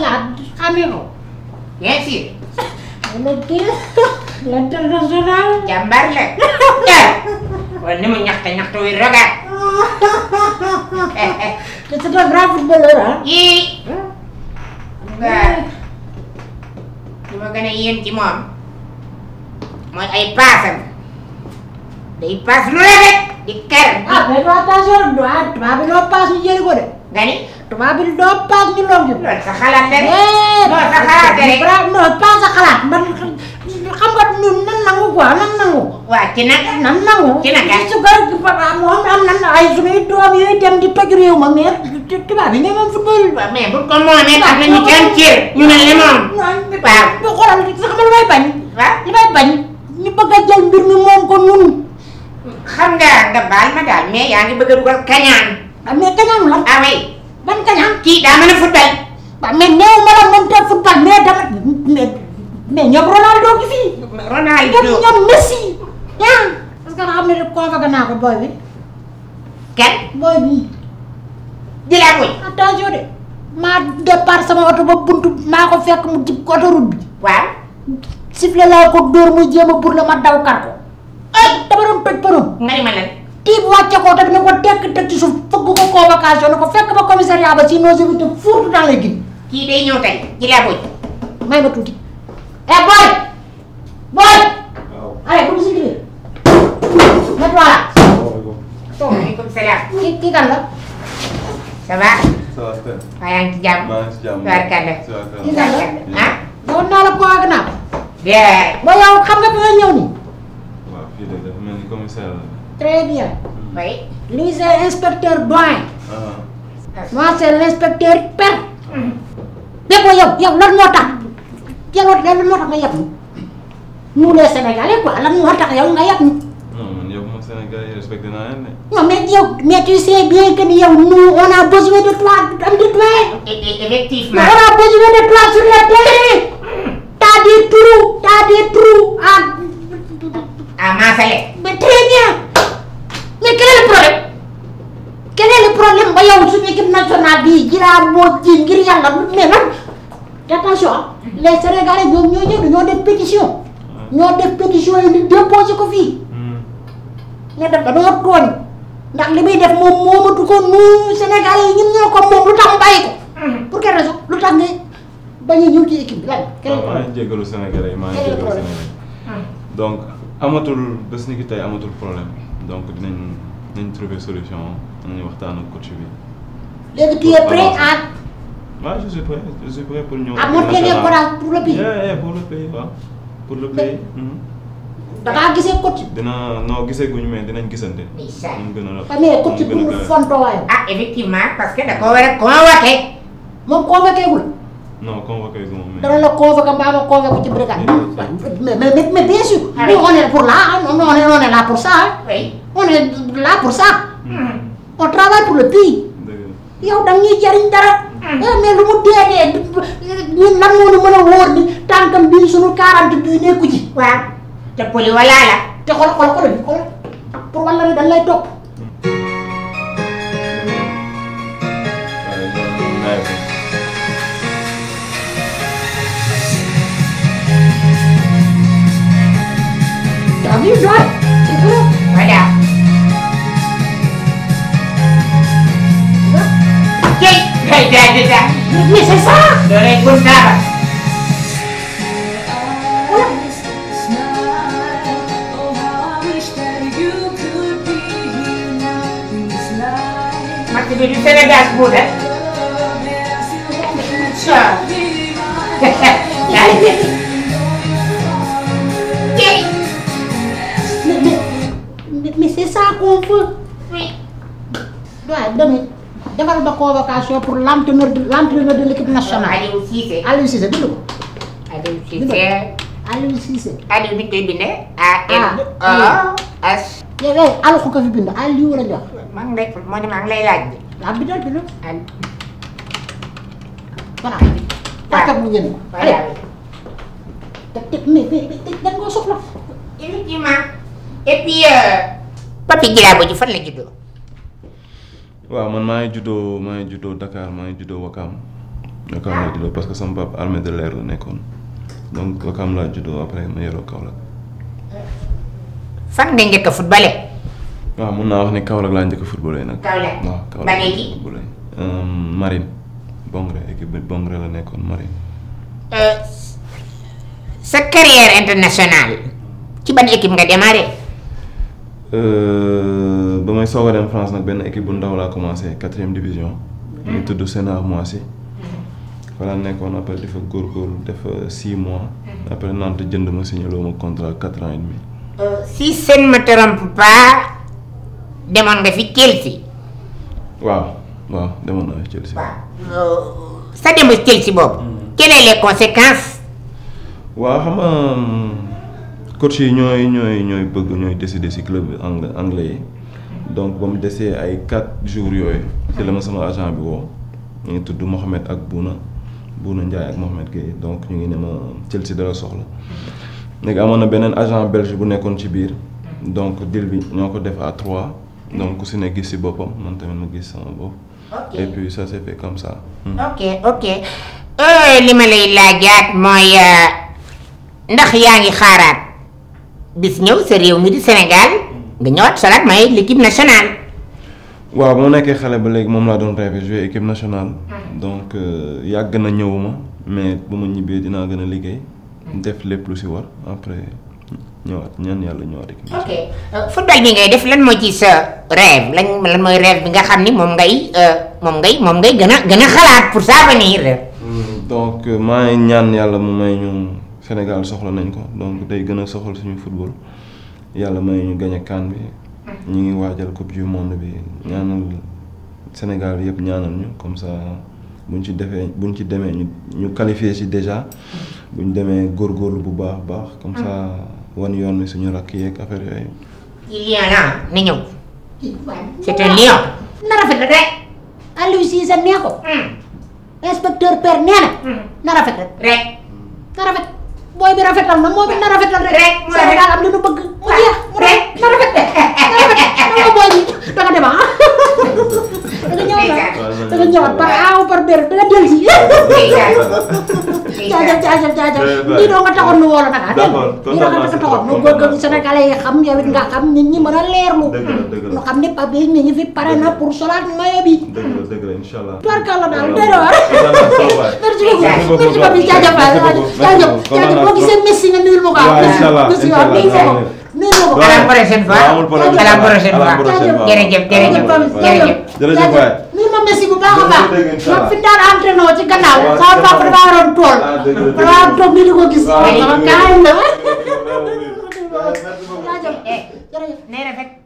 laa xamee ko bien sûr. wala kii la tëgg journal. jàmbar la. wala ni mu ñaxte ñaxte wi rogaat. te c'est un grand footballeur ah. yii. li ma gën a yéem ci moom mooy ay paasam day paas lu la de. nga ni. tubaab bi doo paas ñu longi. loolu sa xalaat la eh, loolu sa xalaat la non pas sa xalaat man xam nga ñun nan nangu quoi nan nangu. waaw ci naka nan nangu. ci naka ci sukkand bi ay suñuy doom yooyu dem di toj réew ma mais tubaab yi ne moom ba mais bu ko moomee tax na ñu kenn cër ñu ne li moom. waaw bu xoolal sax ma li may ba waaw li may bañ ñu bëgg a jël moom ko ñun. xam nga nga baal ma daal mais yaa ngi bëgg a dugal kañaan. ah mais kañaanu la. ah oui kii daa mën a football. waaw mais néew ma la moom te football mais dama mais mais fii. Ronaldo ñoom Messi. ah parce que xam ne convoqué naa ko booy bi. kenn booy bi. jëlee ko attention de maa départ sama oto ba buntu maa ko fekk mu jib ko autoroute bi. waaw. sifflé laa ko dóor muy jéem a la ma daw kar ko. dama doon toj borom. tiib wàcce ko tamit ne ko tekk teg suuf. occasion ko fekk ba commissariat ba ci nos te fourtu dans les guides. kii day ñëw tey ci laa booy. may ma tuuti. eh booy. booy. waaw allez bu mu si jugee. mette voilà. waaw waaleykum salaam. kii kii kan la. ça va. ça va très bien. waaye yaa ngi ci jàmm. maa ngi ci jàmm waaw kàlla. kii kan la ah. yow naa la ko ak naa ko. bien. booy yow xam nga fi nga ñëw nii. waaw fii de dafa mel ni commissaire la. très bien. oui. lii c'est inspecteur doyen. Ah. moi c'est l'inspecteur per dégg nga yow yow lan moo tax yow lan moo tax nga yab ñu nous les sénégalais quoi lan moo tax yow nga yab ñu. non man yow moom sénégalais respecté naa leen de. non mais yow mais tu sais bien que ni yow nous on a besoin de toi am de toi. E, e, effectivement on a besoin de toi sur le terrain. t'as des trous t'as des trous à. à Massalé. laa boo ji ngir yàlla mais nag attention les sénégalais ñoom ñoo jël ñoo def pétition. Hmm. ñoo def pétition yi ñu déposé ko fii. mais hmm. daf dañoo tooñ ndax li muy def moom moomatu ko nu sénégalais yi ñun ko moom lu tax bàyyi ko. Hmm. pour quelle raison lu tax ne bañ a ñëw ci équipe bi lan. keneen maa ngi jégalu sénégalais maa ngi donc amatul bés ni ki tey amatul problème donc dinañ dinañ trouver solution dinañ waxtaan ak coach bi. léegi tu es prêt à. waaw je suis prêt pour le pays. pour le pays waaw pour le mhm. dina non gisee guñu mais dinañ gisante. incha allah te mais coach bu mu fontowaayu. ah effectivement parce que da koo war a moom convoqué wul. non dana la convoqué mbaa ma convoqué ci brigade. mais mais mais bien sûr. Ah, nous pour là on est on pour ça. oui on pour ça. Hmm. on travaille pour le pays. yow da jariñ dara. Mm. Eh, mais mu dee dee ñun lan moo mën a wóor ni tànkam bii suñu quarante bii nekku ci. waaw te poli wala la. te xool xool xool bi xool pour wala ne dañ lay topp. Arrête déjà. Mais c'est ça. Donnez coup de Macky bi du Sénégal bu def. convocation pour l'entraîneur de l'entraîneur de l'équipe nationale. Aliou Cissé Aliou Cissé bind ko. Aliou Cissé Aliou Cissé. Aliou bi koy bindee. A L O e ah, S. yow yow Aliou ko fi bind Aliou la jox. maa ngi lay moo ne maa ngi lay laaj. waaw bi doon bind. voilà. waaw mu ngeen ko. voilà te teg mais dañ koo soxla. effectivement et puis. Euh, Papy Djilago ji fan la juddoo. waaw man maa ngi juddoo maa ngi juddoo Dakar maa ngi juddoo Wakaam Wakaam laa juddoo parce que sama papa armée de l'air la nekkoon donc Wakaam laa juddoo après ma yoroo Kaolack. fan nga njëkk a footballé. waaw mun naa wax ni Kaolack laa njëkk a nag. Kaolack Marine Bongré équipe bi la nekkoon Marine. Euh, sa carrière internationale ci ban équipe nga démarré. Euh, ba may soog a dem France nag benn équipe bu ndaw laa commencé quatrième division. Mm-hmm. ñu tudd Sénart Moissy. voilà mm-hmm. nekkoon après dafa góorgóorlu def euh, six mois. Mm-hmm. après Nantes jënd ma signé ma contrat quatre ans et demi. Euh, si seen ma trompe pas demoon nga fi Chelsea. waaw waaw demoon naa fi Chelsea. waaw euh, sa dem Chelsea boobu. quelles sont les conséquences. waaw xam nga mm, yi ñooy ñooy ñooy bëgg ñooy décider ci club anglais yi. donc ba mu desee ay quatre jours yooyu ci la ma sama agent bi woo ñu ngi tudd Mouhamed ak Bouna Bouna Ndiaye ak Mouhamed Gueye donc ñu ngi ne ma Chelsea dala soxla léegi amoon na beneen agent belge bu nekkoon ci biir donc deal bi ñoo ko def à trois donc ku si ne gis si boppam man tamit ma gis sama bopp. et puis ça s'est fait comme ça. Hmm. ok ok euh, li laajaat mooy euh, ndax yaa ngi xaaraat bis ñëw sa réew mi di Sénégal. nga ñëwaat sa rak may l'équipe nationale. waaw moo nekkee xale ba léegi moom laa doon rêvé jouer équipe nationale. Mm-hmm. donc euh, yàgg na ñëwuma mais bu ma ñibbee dinaa gën a liggéey. Mm-hmm. def lépp lu si war après ñëwaat ñaan yàlla ñëwaat équipe nationale. Euh, bi ngay def lan moo ci sa rêve lan mooy rêve bi nga xam ni moom ngay euh, moom ngay moom ngay gën a gën a xalaat pour sa avenir. Mm, donc maa ñaan yàlla mu may ñu Sénégal soxla nañ ko donc day gën a soxal suñu football. yàlla may ñu gañe kaan bi mm-hmm. ñu ngi waajal coupe du monde bi ñaanal Sénégal yëpp ñaanal ñu comme sa buñ ci defee buñ ci demee ñu ñu qualifié si déjà mm-hmm. buñ demee góor góorlu bu baax baax comme sa mm-hmm. wan yoon ni suñu rakk yeeg affaire yooyu. il y a là na ñëw. na rafet rek. Mm. Mm. na rafet. booy bi rafetal na moo bi na rafetal rek. Sénégal am lu nu bëgg mu jeex mu rek na rafet na rafet na nga booy bi da nga dem ah. da nga ñëwaat da nga ñëwaat par aw par dér da nga dellu si. jaajëf jaajëf jaajëf lii doo nga taxoon nu woo la Dakar dégg nga lii doo nga taxoon nu góorgóorlu sénégalais yi xam yow it nga xam nit ñi mën a leerlu ñu xam ne Pape yi mi fi pare na pour solaat mayo bi dëgg la dëgg la inshallah na waar merci beaucoup merci Pape jaajëf jaajëf jaajëf boo gisee Messi nga nuyul ma ko waaw Messi waaw nuyul ma si bu baax a baax. dëgg fi daan entraîné ci gannaaw. waaw sama papa dafa waroon tool. dafa waroon toog ni di ko gis. waaw dëgg la waaw na